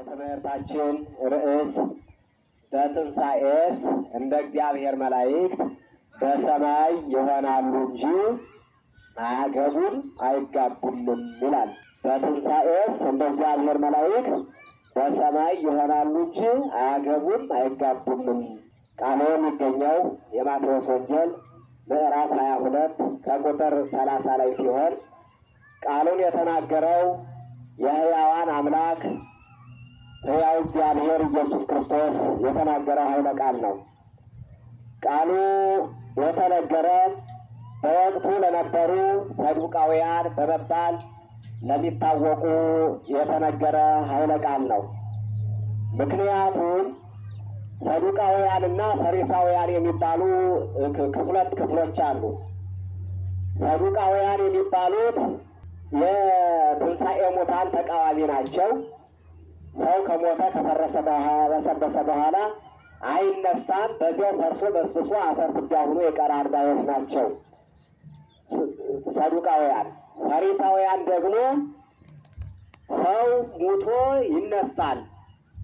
የትምህርታችን ርዕስ በትንሣኤስ እንደ እግዚአብሔር መላእክት በሰማይ ይሆናሉ እንጂ አያገቡም አይጋቡምም ይላል። በትንሣኤስ እንደ እግዚአብሔር መላእክት በሰማይ ይሆናሉ እንጂ አያገቡም አይጋቡምም። ቃሉ የሚገኘው የማቴዎስ ወንጌል ምዕራፍ ሀያ ሁለት ከቁጥር ሰላሳ ላይ ሲሆን ቃሉን የተናገረው የሕያዋን አምላክ ሕያው እግዚአብሔር ኢየሱስ ክርስቶስ የተናገረ ኃይለ ቃል ነው። ቃሉ የተነገረ በወቅቱ ለነበሩ ሰዱቃውያን በመባል ለሚታወቁ የተነገረ ኃይለ ቃል ነው። ምክንያቱም ሰዱቃውያንና ፈሪሳውያን የሚባሉ ሁለት ክፍሎች አሉ። ሰዱቃውያን የሚባሉት የትንሣኤ ሙታን ተቃዋሚ ናቸው። ሰው ከሞተ ከፈረሰ በሰበሰ በኋላ አይነሳም። በዚያው ፈርሶ በስብሶ አፈር ትቢያ ሆኖ የቀረ ባዮች ናቸው ሰዱቃውያን። ፈሪሳውያን ደግሞ ሰው ሙቶ ይነሳል።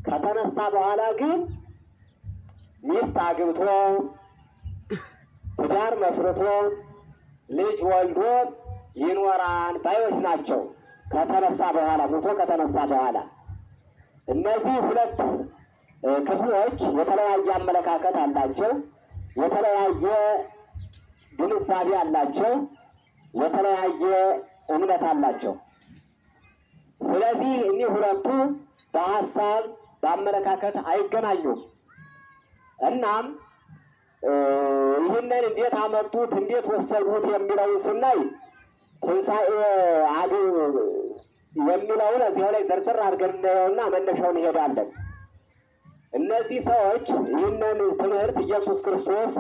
ከተነሳ በኋላ ግን ሚስት አግብቶ ትዳር መስርቶ ልጅ ወልዶ ይኖራል ባዮች ናቸው። ከተነሳ በኋላ ሙቶ ከተነሳ በኋላ እነዚህ ሁለት ክፍሎች የተለያየ አመለካከት አላቸው፣ የተለያየ ግንዛቤ አላቸው፣ የተለያየ እምነት አላቸው። ስለዚህ እኒህ ሁለቱ በሀሳብ በአመለካከት አይገናኙም። እናም ይህንን እንዴት አመጡት እንዴት ወሰዱት የሚለውን ስናይ ትንሣኤ የሚለውን እዚያው ላይ ዝርዝር አድርገን እናየውና መነሻውን እንሄዳለን። እነዚህ ሰዎች ይህንን ትምህርት ኢየሱስ ክርስቶስ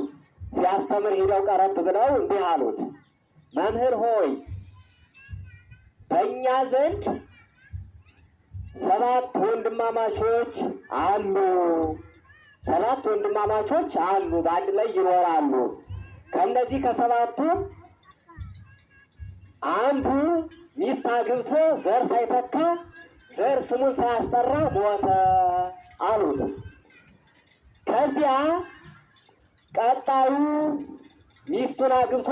ሲያስተምር ሄደው ቀረብ ብለው እንዲህ አሉት፣ መምህር ሆይ በእኛ ዘንድ ሰባት ወንድማማቾች አሉ። ሰባት ወንድማማቾች አሉ፣ በአንድ ላይ ይኖራሉ። ከእነዚህ ከሰባቱ አንዱ ሚስት አግብቶ ዘር ሳይተካ ዘር ስሙን ሳያስጠራ ሞተ አሉት። ከዚያ ቀጣዩ ሚስቱን አግብቶ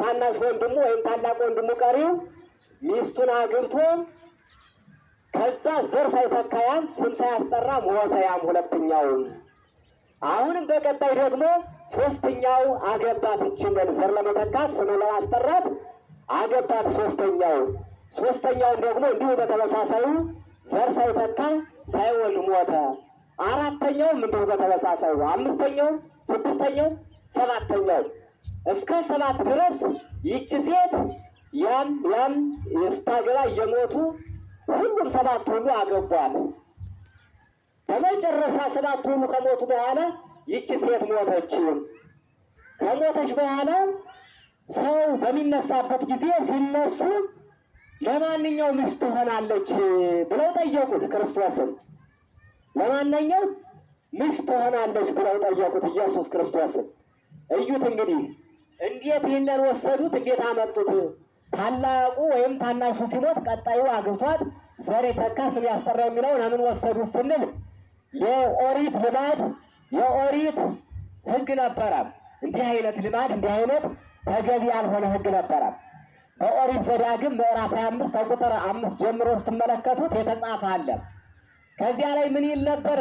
ታናሽ ወንድሙ ወይም ታላቅ ወንድሙ ቀሪው ሚስቱን አግብቶ ከዛ ዘር ሳይተካ ያም ስም ሳያስጠራ ሞተ ያም ሁለተኛው። አሁንም በቀጣይ ደግሞ ሶስተኛው አገባት። አገባትችን ዘር ለመተካት ስም ለማስጠራት አገባት ሶስተኛው ሶስተኛውን ደግሞ እንዲሁ በተመሳሳዩ ዘር ሳይተካ ሳይወልድ ሞተ። አራተኛውም እንዲሁ በተመሳሳዩ አምስተኛው፣ ስድስተኛው፣ ሰባተኛው እስከ ሰባት ድረስ ይቺ ሴት ያም ያም ስታገባ እየሞቱ ሁሉም ሰባት ሁሉ አገቧል። በመጨረሻ ሰባት ሁሉ ከሞቱ በኋላ ይቺ ሴት ሞተች። ከሞተች በኋላ ሰው በሚነሳበት ጊዜ ሲነሱ ለማንኛው ልጅ ትሆናለች ብለው ጠየቁት። ክርስቶስን ለማንኛው ልጅ ትሆናለች ብለው ጠየቁት ኢየሱስ ክርስቶስን። እዩት እንግዲህ እንዴት ይህንን ወሰዱት፣ እንዴት አመጡት። ታላቁ ወይም ታናሹ ሲሞት ቀጣዩ አግብቷት ዘሬ የተካ ስም ያስጠራ የሚለው ለምን ወሰዱት ስንል የኦሪት ልማድ የኦሪት ሕግ ነበረ። እንዲህ አይነት ልማድ እንዲህ አይነት ተገቢ ያልሆነ ህግ ነበረ። በኦሪት ዘዳግም ምዕራፍ 25 ከቁጥር አምስት ጀምሮ ስትመለከቱት የተጻፈ አለ። ከዚያ ላይ ምን ይል ነበረ?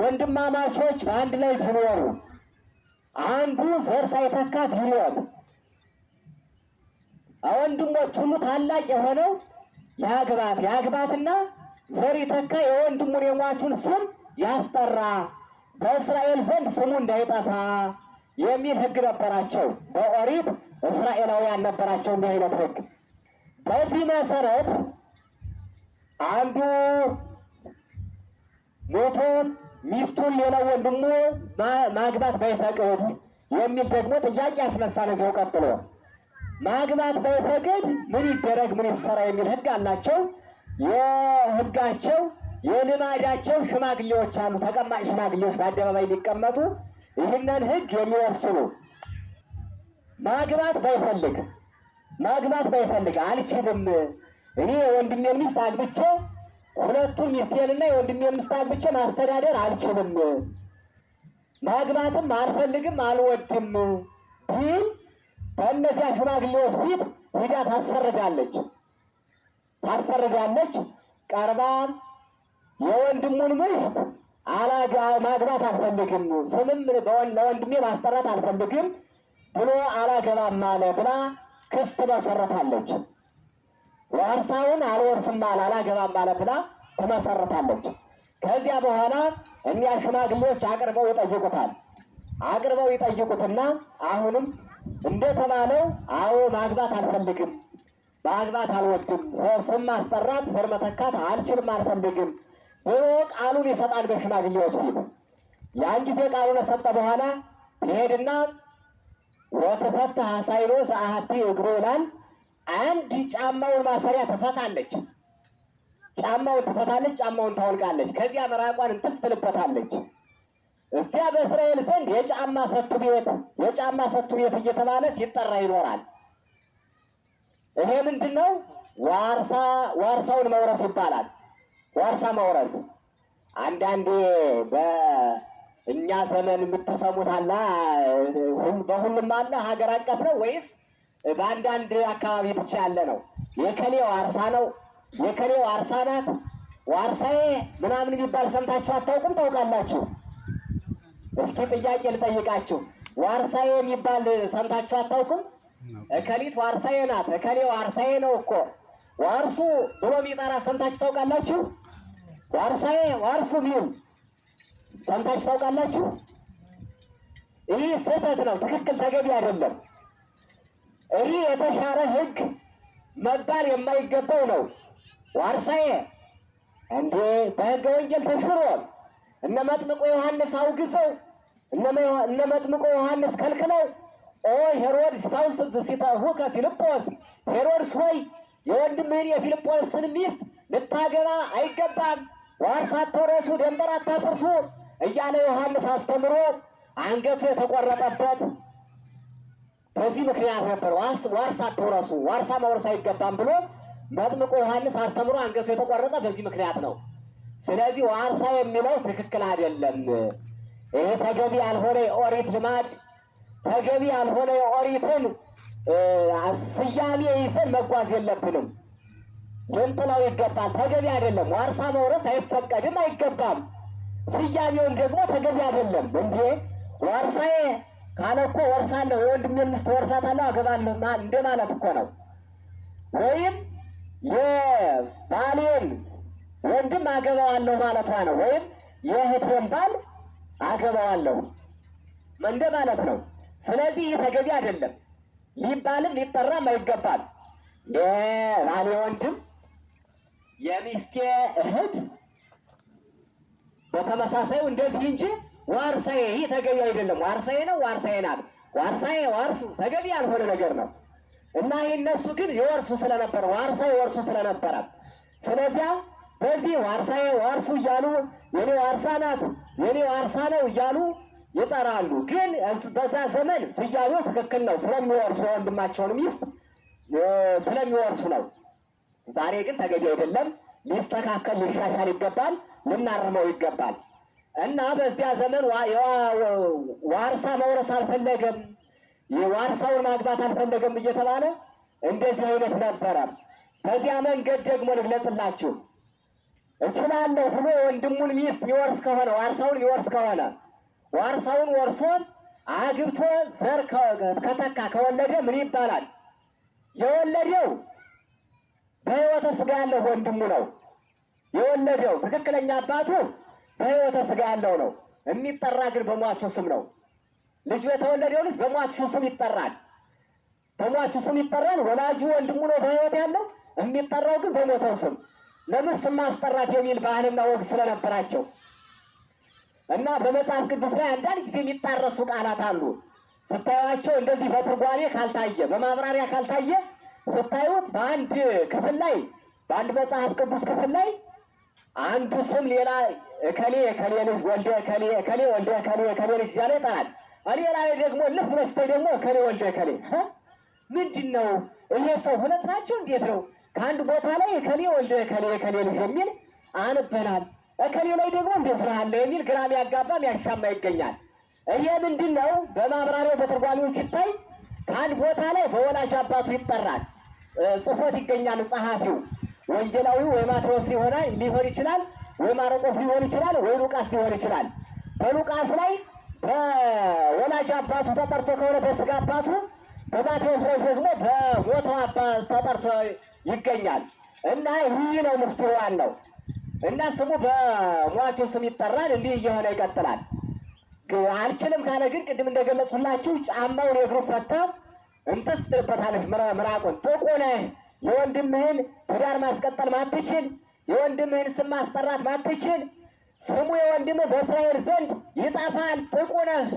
ወንድማማቾች በአንድ ላይ ቢኖሩ አንዱ ዘር ሳይተካ ቢኖር ወንድሞች ሁሉ ታላቅ የሆነው ያግባት ያግባትና ዘር ይተካ የወንድሙን የሟቹን ስም ያስጠራ በእስራኤል ዘንድ ስሙ እንዳይጠፋ የሚል ህግ ነበራቸው። በኦሪት እስራኤላውያን ነበራቸው እንዲህ አይነት ህግ በዚህ መሰረት አንዱ ሞቶ ሚስቱን ሌላ ወንድሙ ማግባት ባይፈቅድ የሚል ደግሞ ጥያቄ ያስነሳ ነው። ቀጥሎ ማግባት ባይፈቅድ ምን ይደረግ ምን ይሰራ የሚል ህግ አላቸው። የህጋቸው የልማዳቸው ሽማግሌዎች አሉ፣ ተቀማጭ ሽማግሌዎች በአደባባይ የሚቀመጡ ይህንን ህግ የሚወስኑ ማግባት ባይፈልግ ማግባት ባይፈልግ አልችልም እኔ ወንድሜ ሚስት አግብቼ ሁለቱን ሚስቴንና የወንድሜ ሚስት አግብቼ ማስተዳደር አልችልም ማግባትም አልፈልግም አልወድም ቢል በእነዚያ ሽማግሌዎች ፊት ሂዳ ታስፈርዳለች ታስፈርዳለች ቀርባ የወንድሙን ምሽት አላጋ ማግባት አልፈልግም፣ ስምም ለወንድሜ ማስጠራት አልፈልግም ብሎ አላገባም አለ ብላ ክስት መሰረታለች። ዋርሳውን አልወርስም አለ አላገባም አለ ብላ ትመሰረታለች። ከዚያ በኋላ እኒያ ሽማግሌዎች አቅርበው ይጠይቁታል። አቅርበው ይጠይቁትና አሁንም እንደተባለው አዎ ማግባት አልፈልግም፣ ማግባት አልወድም፣ ስም ማስጠራት ስር መተካት አልችልም፣ አልፈልግም ብሎ ቃሉን ይሰጣል በሽማግሌዎች ፊት። ያን ጊዜ ቃሉን ከሰጠ በኋላ ይሄድና ወተፈትሐ ሳይሎ ሰአሀቲ እግሮ ይላል። አንድ ጫማውን ማሰሪያ ትፈታለች፣ ጫማውን ትፈታለች፣ ጫማውን ታወልቃለች። ከዚያ መራቋን እንትን ትልበታለች። እዚያ በእስራኤል ዘንድ የጫማ ፈቱ ቤት የጫማ ፈቱ ቤት እየተባለ ሲጠራ ይኖራል። ይሄ ምንድን ነው? ዋርሳውን መውረስ ይባላል። ዋርሳ መውረስ አንዳንድ በእኛ ዘመን የምትሰሙት አለ፣ በሁሉም አለ። ሀገር አቀፍ ነው ወይስ በአንዳንድ አካባቢ ብቻ ያለ ነው? የከሌ ዋርሳ ነው፣ የከሌ ዋርሳ ናት፣ ዋርሳዬ ምናምን የሚባል ሰምታችሁ አታውቁም? ታውቃላችሁ? እስኪ ጥያቄ ልጠይቃችሁ። ዋርሳዬ የሚባል ሰምታችሁ አታውቁም? እከሊት ዋርሳዬ ናት፣ እከሌ ዋርሳዬ ነው እኮ ዋርሱ ብሎ የሚጠራ ሰምታችሁ ታውቃላችሁ? ዋርሳዬ ዋርሱ ሚል ሰምታችሁ ታውቃላችሁ? ይህ ስህተት ነው። ትክክል ተገቢ አይደለም። ይህ የተሻረ ህግ መባል የማይገባው ነው። ዋርሳዬ እንዴ በህገ ወንጀል ተሽሯል። እነ መጥምቆ ዮሐንስ አውግዘው፣ እነ መጥምቆ ዮሐንስ ከልክለው፣ ኦ ሄሮድስ ታውስ ሲታሁከ ፊልጶስ፣ ሄሮድስ ሆይ የወንድምህን የፊልጶስን ሚስት ልታገባ አይገባም ዋርስ አትውረሱ፣ ደንበር አታፍርሱ እያለ ዮሐንስ አስተምሮ አንገቱ የተቆረጠበት በዚህ ምክንያት ነበር። ዋርስ አትውረሱ፣ ዋርሳ መውረስ አይገባም ብሎ መጥምቁ ዮሐንስ አስተምሮ አንገቱ የተቆረጠ በዚህ ምክንያት ነው። ስለዚህ ዋርሳ የሚለው ትክክል አይደለም። ይሄ ተገቢ ያልሆነ የኦሪት ልማድ ተገቢ ያልሆነ የኦሪትን ስያሜ ይዘን መጓዝ የለብንም። ልንጥለው ይገባል። ተገቢ አይደለም። ዋርሳ መውረስ አይፈቀድም፣ አይገባም። ስያሜውን ደግሞ ተገቢ አይደለም። እንዴ ዋርሳዬ ካለ እኮ ወርሳለሁ፣ የወንድሜ ሚስት ወርሳታለሁ፣ አገባለሁ እንደ ማለት እኮ ነው። ወይም የባሌን ወንድም አገባዋለሁ ማለቷ ነው። ወይም የእህቴን ባል አገባዋለሁ እንደ ማለት ነው። ስለዚህ ይህ ተገቢ አይደለም፣ ሊባልም ሊጠራም አይገባል። የባሌ ወንድም የሚስቴ እህት በተመሳሳዩ እንደዚህ እንጂ ዋርሳዬ ይህ ተገቢ አይደለም። ዋርሳዬ ነው፣ ዋርሳዬ ናት፣ ዋርሳዬ ዋርሱ ተገቢ ያልሆነ ነገር ነው እና ይህ እነሱ ግን የወርሱ ስለነበረ ዋርሳዬ ወርሱ ስለነበረ ስለዚያ በዚህ ዋርሳዬ ዋርሱ እያሉ የኔ ዋርሳ ናት፣ የኔ ዋርሳ ነው እያሉ ይጠራሉ። ግን በዛ ዘመን ስያሉ ትክክል ነው ስለሚወርሱ ወንድማቸውን ሚስት ስለሚወርሱ ነው። ዛሬ ግን ተገቢ አይደለም። ሊስተካከል ሊሻሻል ይገባል፣ ልናርመው ይገባል እና በዚያ ዘመን ዋርሳ መውረስ አልፈለገም፣ ዋርሳውን ማግባት አልፈለገም እየተባለ እንደዚህ አይነት ነበረ። በዚያ መንገድ ደግሞ ልግለጽላችሁ እችላለሁ ብሎ ወንድሙን ሚስት ይወርስ ከሆነ ዋርሳውን ይወርስ ከሆነ ዋርሳውን ወርሶን አግብቶ ዘር ከተካ ከወለደ ምን ይባላል? የወለደው በሕይወተ ስጋ ያለው ወንድሙ ነው የወለደው። ትክክለኛ አባቱ በሕይወተ ስጋ ያለው ነው። የሚጠራ ግን በሟቹ ስም ነው። ልጁ የተወለደው ልጅ በሟቹ ስም ይጠራል። በሟቹ ስም ይጠራል። ወላጁ ወንድሙ ነው በሕይወት ያለው። የሚጠራው ግን በሞተው ስም ለምን ስም ማስጠራት የሚል ባህልና ወግ ስለነበራቸው እና በመጽሐፍ ቅዱስ ላይ አንዳንድ ጊዜ የሚጣረሱ ቃላት አሉ። ስታዩቸው እንደዚህ በትርጓሜ ካልታየ በማብራሪያ ካልታየ ስታዩት በአንድ ክፍል ላይ በአንድ መጽሐፍ ቅዱስ ክፍል ላይ አንዱ ስም ሌላ እከሌ እከሌ ልጅ ወልደ እከሌ እከሌ ወልደ እከሌ እከሌ ልጅ እያለ ይጠራል። ሌላ ላይ ደግሞ ልፍ ብሎ ስታይ ደግሞ እከሌ ወልደ እከሌ ምንድን ነው ይሄ? ሰው ሁለት ናቸው እንዴት ነው? ከአንድ ቦታ ላይ እከሌ ወልደ እከሌ እከሌ ልጅ የሚል አንበናል። እከሌ ላይ ደግሞ እንደ ስራለ አለ የሚል ግራም ያጋባም ያሻማ ይገኛል። ይሄ ምንድን ነው? በማብራሪያው በትርጓሚው ሲታይ አንድ ቦታ ላይ በወላጅ አባቱ ይጠራል፣ ጽፎት ይገኛል። ጸሐፊው ወንጌላዊው ወይ ማቴዎስ ሊሆን ሊሆን ይችላል፣ ወይ ማረቆስ ሊሆን ይችላል፣ ወይ ሉቃስ ሊሆን ይችላል። በሉቃስ ላይ በወላጅ አባቱ ተጠርቶ ከሆነ በስጋ አባቱ፣ በማቴዎስ ላይ ደግሞ በሞተው አባት ተጠርቶ ይገኛል። እና ይህ ነው ምፍትዋን ነው እና ስሙ በሟቹ ስም ይጠራል። እንዲህ እየሆነ ይቀጥላል። አልችልም ካለ ግን ቅድም እንደገለጽሁላችሁ ጫማውን የእግሩ ፈታ እንትን ትጥልበታለች ምራቁን። ጥቁ የወንድምህን ትዳር ማስቀጠል ማትችል፣ የወንድምህን ስም ማስጠራት ማትችል፣ ስሙ የወንድምህ በእስራኤል ዘንድ ይጠፋል፣ ጥቁ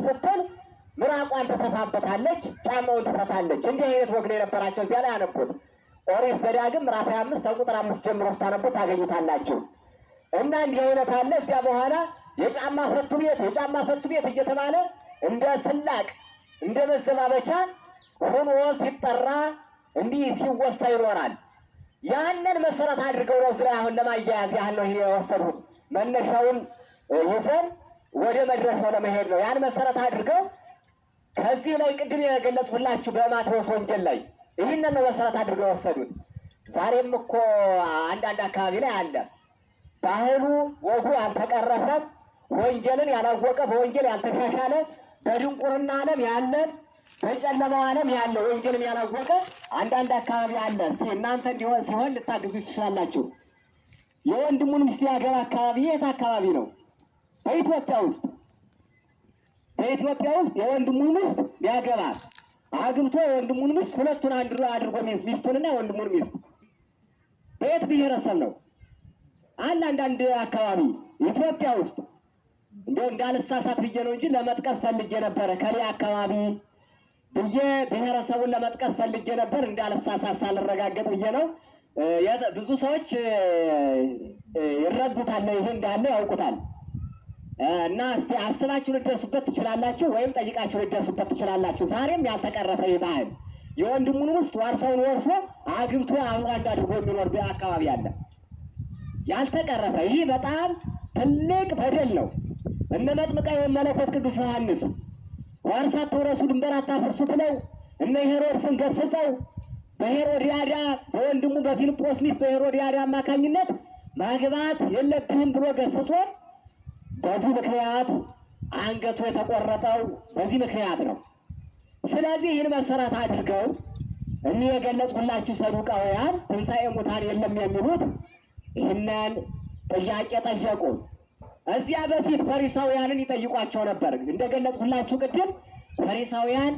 ስትል ምራቋን ትተፋበታለች፣ ጫማውን ትፈታለች። እንዲህ አይነት ወግ ነው የነበራቸው። እዚያ ላይ አነቡት። ኦሪት ዘዳግም ምዕራፍ አምስት ከቁጥር አምስት ጀምሮ ስታነቡት ታገኙታላችሁ። እና እንዲህ አይነት አለ እዚያ በኋላ የጫማ ፈቱ ቤት የጫማ ሁለቱ ቤት እየተባለ እንደ ስላቅ እንደ መዘባበቻ ሆኖ ሲጠራ እንዲህ ሲወሳ ይኖራል። ያንን መሰረት አድርገው ነው ስራ አሁን ለማያያዝ ያህል ነው የወሰዱት። መነሻውን ይዘን ወደ መድረሻው ለመሄድ ነው። ያን መሰረት አድርገው ከዚህ ላይ ቅድም የገለጽሁላችሁ በማቴዎስ ወንጌል ላይ ይህንን ነው መሰረት አድርገው የወሰዱት። ዛሬም እኮ አንዳንድ አካባቢ ላይ አለ ባህሉ ወጉ አልተቀረፈም። ወንጀልን ያላወቀ በወንጀል ያልተሻሻለ በድንቁርና ዓለም ያለ በጨለማው ዓለም ያለ ወንጀልን ያላወቀ አንዳንድ አካባቢ አለ። እናንተ እንዲሆን ሲሆን ልታግዙ ትችላላችሁ። የወንድሙን ሚስት ያገባ አካባቢ የት አካባቢ ነው? በኢትዮጵያ ውስጥ በኢትዮጵያ ውስጥ የወንድሙን ሚስት ሊያገባ አግብቶ የወንድሙን ሚስት ሁለቱን አንድ አድርጎ ሚስቱንና የወንድሙን ሚስት በየት ብሔረሰብ ነው አለ? አንዳንድ አካባቢ ኢትዮጵያ ውስጥ እንደው እንዳልሳሳት ብዬ ነው እንጂ ለመጥቀስ ፈልጌ ነበረ። ከኔ አካባቢ ብዬ ብሔረሰቡን ለመጥቀስ ፈልጌ ነበር። እንዳልሳሳት ሳልረጋገጥ ብዬ ነው። ብዙ ሰዎች ይረዱታል፣ ይህ እንዳለ ያውቁታል። እና እስቲ አስባችሁ ልደርሱበት ትችላላችሁ፣ ወይም ጠይቃችሁ ልደርሱበት ትችላላችሁ። ዛሬም ያልተቀረፈ ባህል የወንድሙን ውስጥ ዋርሰውን ወርሶ አግብቶ አብሮ አድርጎ የሚኖር አካባቢ አለ፣ ያልተቀረፈ ይህ በጣም ትልቅ በደል ነው። እነ መጥምቀ መለኮት ቅዱስ ዮሐንስ ዋርሳ አትውረሱ ድንበር አታፍርሱ ብለው እነ ሄሮድስን ገስጸው በሄሮድያዳ በወንድሙ በፊልጶስ ሚስት በሄሮድያዳ አማካኝነት ማግባት የለብህም ብሎ ገስጾ በዚህ ምክንያት አንገቱ የተቆረጠው በዚህ ምክንያት ነው። ስለዚህ ይህን መሰረት አድርገው እኒህ የገለጹላችሁ ሰዱቃውያን ትንሣኤ ሙታን የለም የሚሉት ይህንን ጥያቄ ጠየቁ። እዚያ በፊት ፈሪሳውያንን ይጠይቋቸው ነበር። እንደገለጽሁላችሁ ቅድም ፈሪሳውያን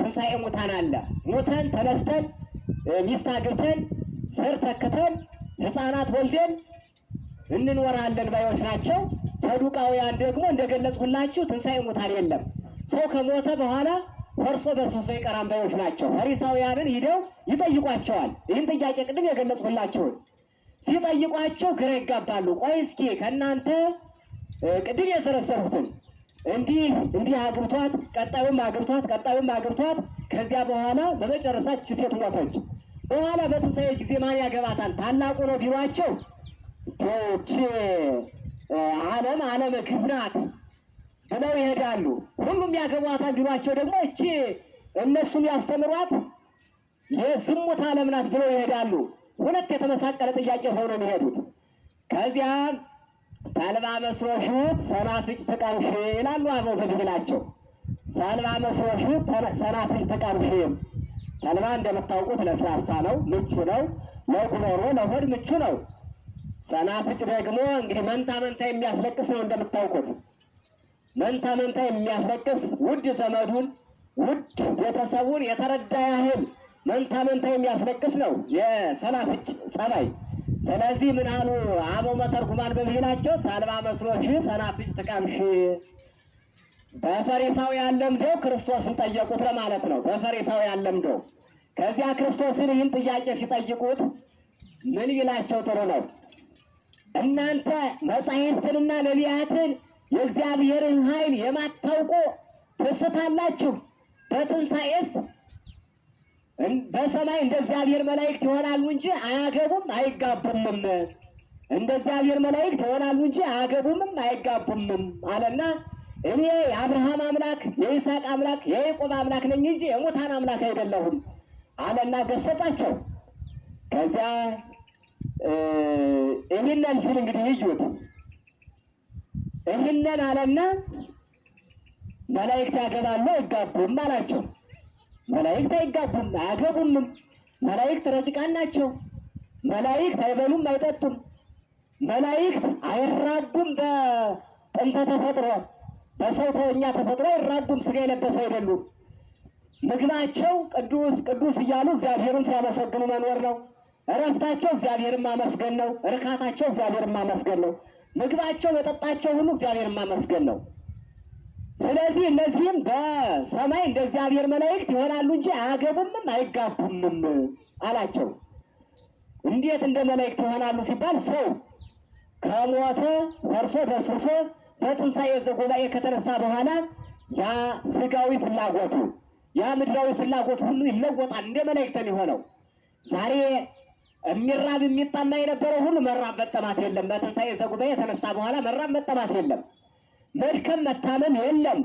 ትንሣኤ ሙታን አለ፣ ሙተን ተነስተን ሚስት አግብተን ስር ተክተን ህፃናት ወልደን እንኖራለን ባዮች ናቸው። ሰዱቃውያን ደግሞ እንደገለጽሁላችሁ ትንሣኤ ሙታን የለም፣ ሰው ከሞተ በኋላ ፈርሶ በሰሶ ይቀራል ባዮች ናቸው። ፈሪሳውያንን ሂደው ይጠይቋቸዋል። ይህን ጥያቄ ቅድም የገለጽሁላችሁን ሲጠይቋቸው ግራ ይጋባሉ። ቆይ እስኪ ከእናንተ ቅድም የሰረሰሩትን እንዲህ እንዲህ አግብቷት ቀጣዩም አግብቷት ቀጣዩም አግብቷት ከዚያ በኋላ በመጨረሻ እቺ ሴት ሞተች። በኋላ በትንሣኤ ጊዜ ማን ያገባታል ታላቁ ነው ቢሏቸው ች ዓለም ዓለም ክብናት ብለው ይሄዳሉ። ሁሉም ያገቧታል ቢሏቸው ደግሞ እቺ እነሱም ያስተምሯት የዝሙት ዓለም ናት ብለው ይሄዳሉ። ሁለት የተመሳቀለ ጥያቄ ሰው ነው የሚሄዱት። ከዚያ ተልባ ሹት ሰናፍጭ ተቀምሽ ይላሉ አበው በፊት ናቸው። ተልባ ሹት ሰናፍጭ ተቀምሽ። ተልባ እንደምታውቁት ለስላሳ ነው፣ ምቹ ነው፣ ለጉሮሮ ለሆድ ምቹ ነው። ሰናፍጭ ደግሞ እንግዲህ መንታ መንታ የሚያስለቅስ ነው እንደምታውቁት መንታ መንታ የሚያስለቅስ ውድ ዘመዱን ውድ ቤተሰቡን የተረዳ ያህል መንታ መንታ የሚያስለቅስ ነው የሰናፍጭ ጸባይ። ስለዚህ ምን አሉ አበው መተርጉማን በብሂላቸው ተልባ መስሎሽ ሰናፍጭ ትቀምሺ። በፈሪሳውያን ለምደው ክርስቶስን ጠየቁት ለማለት ነው። በፈሪሳውያን ለምደው ከዚያ ክርስቶስን ይህን ጥያቄ ሲጠይቁት ምን ይላቸው ጥሩ ነው? እናንተ መጻሕፍትንና ነቢያትን የእግዚአብሔርን ኃይል የማታውቁ ትስታላችሁ፣ በትንሣኤስ በሰማይ እንደ እግዚአብሔር መላእክት ይሆናሉ እንጂ አያገቡም አይጋቡምም። እንደ እግዚአብሔር መላእክት ይሆናሉ እንጂ አያገቡምም አይጋቡምም አለና እኔ የአብርሃም አምላክ የይስሐቅ አምላክ የያዕቆብ አምላክ ነኝ እንጂ የሙታን አምላክ አይደለሁም አለና ገሰጻቸው። ከዚያ ይህንን ሲል እንግዲህ እዩት፣ ይህንን አለና መላእክት ያገባሉ አይጋቡም አላቸው። መላእክት አይጋቡም አያገቡምም። መላእክት ረቂቃን ናቸው። መላእክት አይበሉም አይጠጡም። መላእክት አይራቡም። በጥንተ ተፈጥሮ በሰው ተወኛ ተፈጥሮ አይራቡም። ስጋ የለበሰው አይደሉም። ምግባቸው ቅዱስ ቅዱስ እያሉ እግዚአብሔርን ሲያመሰግኑ መኖር ነው። እረፍታቸው እግዚአብሔርን ማመስገን ነው። እርካታቸው እግዚአብሔርን ማመስገን ነው። ምግባቸው መጠጣቸው ሁሉ እግዚአብሔርን ማመስገን ነው። ስለዚህ እነዚህም በሰማይ እንደ እግዚአብሔር መላእክት ይሆናሉ እንጂ አያገቡምም አይጋቡምም አላቸው። እንዴት እንደ መላእክት ይሆናሉ ሲባል ሰው ከሞተ ፈርሶ በስብሶ በትንሣኤ ዘጉባኤ ከተነሳ በኋላ ያ ስጋዊ ፍላጎቱ ያ ምድራዊ ፍላጎት ሁሉ ይለወጣል። እንደ መላእክት የሚሆነው ዛሬ የሚራብ የሚጠማ የነበረው ሁሉ መራብ መጠማት የለም። በትንሣኤ ዘጉባኤ የተነሳ በኋላ መራብ መጠማት የለም። መድከም መታመም የለም።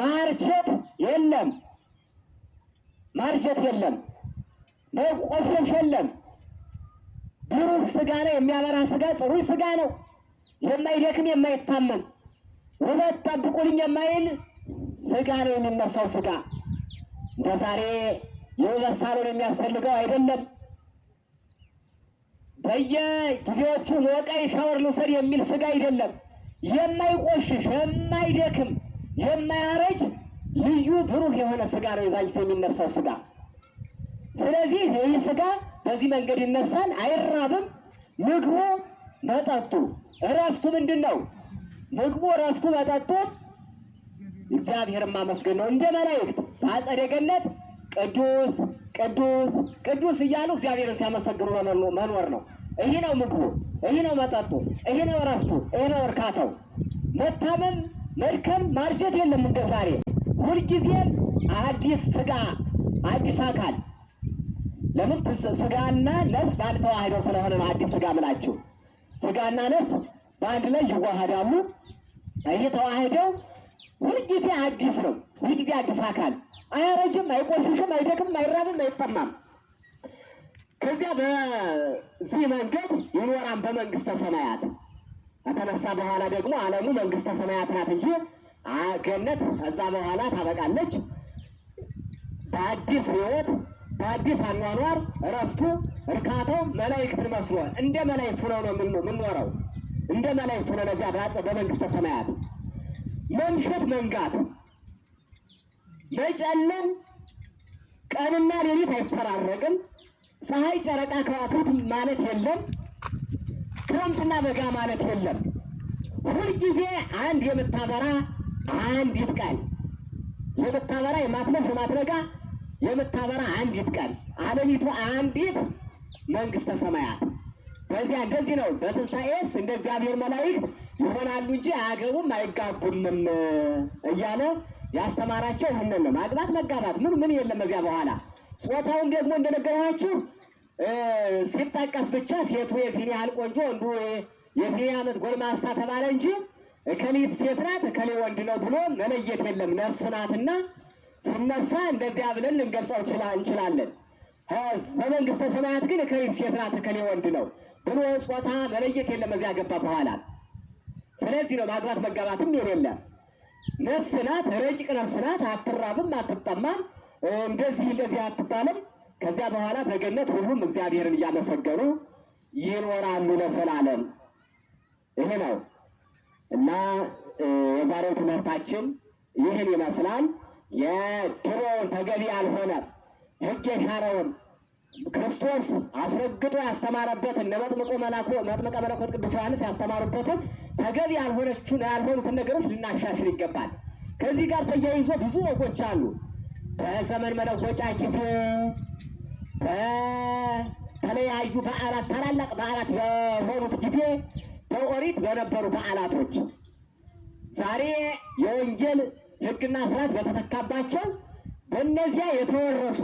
ማርጀት የለም። ማርጀት የለም። መቆሸሽ የለም። ብሩህ ስጋ ነው። የሚያበራ ስጋ ጽሩይ ስጋ ነው። የማይደክም የማይታመም ውበት ጠብቁልኝ የማይል ስጋ ነው የሚነሳው ስጋ። እንደ ዛሬ የውበት ሳሎን የሚያስፈልገው አይደለም። በየጊዜዎቹ ሞቀኝ ሻወር ልውሰድ የሚል ስጋ አይደለም። የማይቆሽሽ የማይደክም የማያረጅ ልዩ ብሩህ የሆነ ስጋ ነው የዛች የሚነሳው ስጋ። ስለዚህ ይህ ስጋ በዚህ መንገድ ይነሳል። አይራብም። ምግቡ መጠጡ እረፍቱ ምንድን ነው? ምግቡ እረፍቱ መጠጡ እግዚአብሔር ማመስገን ነው። እንደ መላእክት በአጸደ ገነት ቅዱስ ቅዱስ ቅዱስ እያሉ እግዚአብሔርን ሲያመሰግኑ መኖር ነው። ይሄ ነው ምግቡ፣ ይሄ ነው መጠጡ፣ ይሄ ነው እረፍቱ፣ ይሄ ነው እርካታው። መታመም፣ መድከም፣ ማርጀት የለም እንደ ዛሬ። ሁልጊዜም አዲስ ስጋ፣ አዲስ አካል። ለምን ስጋና ነፍስ በአንድ ተዋህዶ ስለሆነ ነው አዲስ ስጋ ምላችሁ። ስጋና ነፍስ በአንድ ላይ ይዋሃዳሉ። ይህ ተዋህደው ሁልጊዜ አዲስ ነው። ሁልጊዜ አዲስ አካል። አያረጅም፣ አይቆሽሽም፣ አይደክም፣ አይራብም፣ አይጠማም። ከዚያ በዚህ መንገድ ይኖራን በመንግስተ ሰማያት ከተነሳ በኋላ ደግሞ ዓለሙ መንግስተ ሰማያት ናት እንጂ ገነት ከዛ በኋላ ታበቃለች። በአዲስ ህይወት በአዲስ አኗኗር እረፍቱ እርካታው መላእክትን መስሎ እንደ መላእክት ሆነው ነው የምንኖረው። እንደ መላእክት ሆነ ነዚያ በመንግስተ ሰማያት መንሸት መንጋት መጨለም ቀንና ሌሊት አይፈራረቅም። ፀሐይ፣ ጨረቃ፣ ከዋክብት ማለት የለም። ክረምትና በጋ ማለት የለም። ሁልጊዜ አንድ የምታበራ አንዲት ቃል የምታበራ የማትመሽ የማትረጋ የምታበራ አንዲት ቃል አለሚቱ አንዲት መንግስተ ሰማያት በዚያ እንደዚህ ነው። በትንሣኤስ እንደ እግዚአብሔር መላእክት ይሆናሉ እንጂ አያገቡም አይጋቡምም እያለ ያስተማራቸው ይህንን ነው። ማግባት መጋባት ምን ምን የለም እዚያ በኋላ ጾታውን ደግሞ እንደነገርኋችሁ ሲጠቀስ ብቻ ሴቱ የዚህን ያህል ቆንጆ፣ ወንዱ የዚህ ዓመት ጎልማሳ ተባለ እንጂ እከሊት ሴት ናት እከሌ ወንድ ነው ብሎ መለየት የለም። ነፍስ ናትና ሲነሳ እንደዚያ ብለን ልንገልጸው እንችላለን። በመንግስተ ሰማያት ግን እከሊት ሴት ናት እከሌ ወንድ ነው ብሎ ጾታ መለየት የለም እዚያ ገባ በኋላ። ስለዚህ ነው ማግባት መጋባትም የሌለ ነፍስ ናት፣ ረቂቅ ነፍስ ናት፣ አትራብም፣ አትጠማም እንደዚህ እንደዚህ አትባልም። ከዚያ በኋላ በገነት ሁሉም እግዚአብሔርን እያመሰገኑ ይኖራሉ ለዘላለም። ይሄ ነው እና የዛሬው ትምህርታችን ይህን ይመስላል። የድሮውን ተገቢ ያልሆነ ሕግ የሻረውን ክርስቶስ አስረግጦ ያስተማረበትን እነ መጥምቁ መላኩ መጥምቀ መለኮት ቅዱስ ዮሐንስ ያስተማሩበትን ተገቢ ያልሆነችን ያልሆኑትን ነገሮች ልናሻሽል ይገባል። ከዚህ ጋር ተያይዞ ብዙ ወጎች አሉ። ሰመን መለኮቻችሁ ኪስ በተለያዩ በዓላት ታላላቅ በዓላት በሆኑት ጊዜ በኦሪት በነበሩ በዓላቶች ዛሬ የወንጌል ሕግና ስርዓት በተተካባቸው በእነዚያ የተወረሱ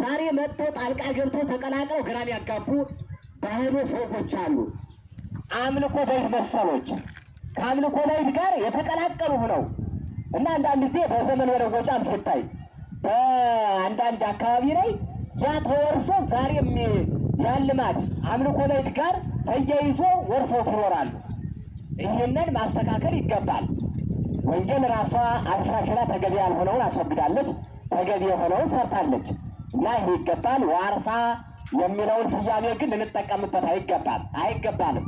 ዛሬ መጥተው ጣልቃ ገብተው ተቀላቅለው ግራም ያጋቡ ባህሉ ወጎች አሉ። አምልኮ በይት መሰሎች ከአምልኮ በይት ጋር የተቀላቀሉ ሆነው እና አንዳንድ ጊዜ በዘመን መለወጫም ሲታይ በአንዳንድ አካባቢ ላይ ያ ተወርሶ ዛሬም ያልማት አምልኮ ላይት ጋር ተያይዞ ወርሶ ትኖራሉ። ይህንን ማስተካከል ይገባል። ወንጌል ራሷ አሻሽላ ተገቢ ያልሆነውን አስወግዳለች፣ ተገቢ የሆነውን ሰርታለች እና ይህ ይገባል። ዋርሳ የሚለውን ስያሜ ግን ልንጠቀምበት አይገባል አይገባልም።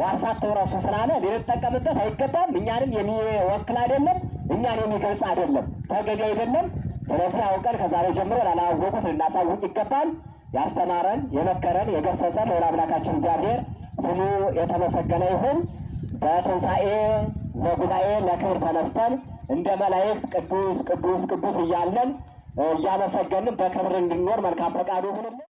ዋርሳ ተወረሱ ስላለ ልንጠቀምበት አይገባም። እኛንም የሚወክል አይደለም፣ እኛን የሚገልጽ አይደለም፣ ተገቢ አይደለም። ስለዚህ አውቀን ከዛሬ ጀምሮ ላላወቁት ልናሳውቅ ይገባል። ያስተማረን፣ የመከረን፣ የገሰጸን ለወላ አምላካችን እግዚአብሔር ስሙ የተመሰገነ ይሁን። በትንሣኤ በጉባኤ ለክብር ተነስተን እንደ መላእክት ቅዱስ ቅዱስ ቅዱስ እያለን እያመሰገንን በክብር እንድንኖር መልካም ፈቃዱ ይሁንልን።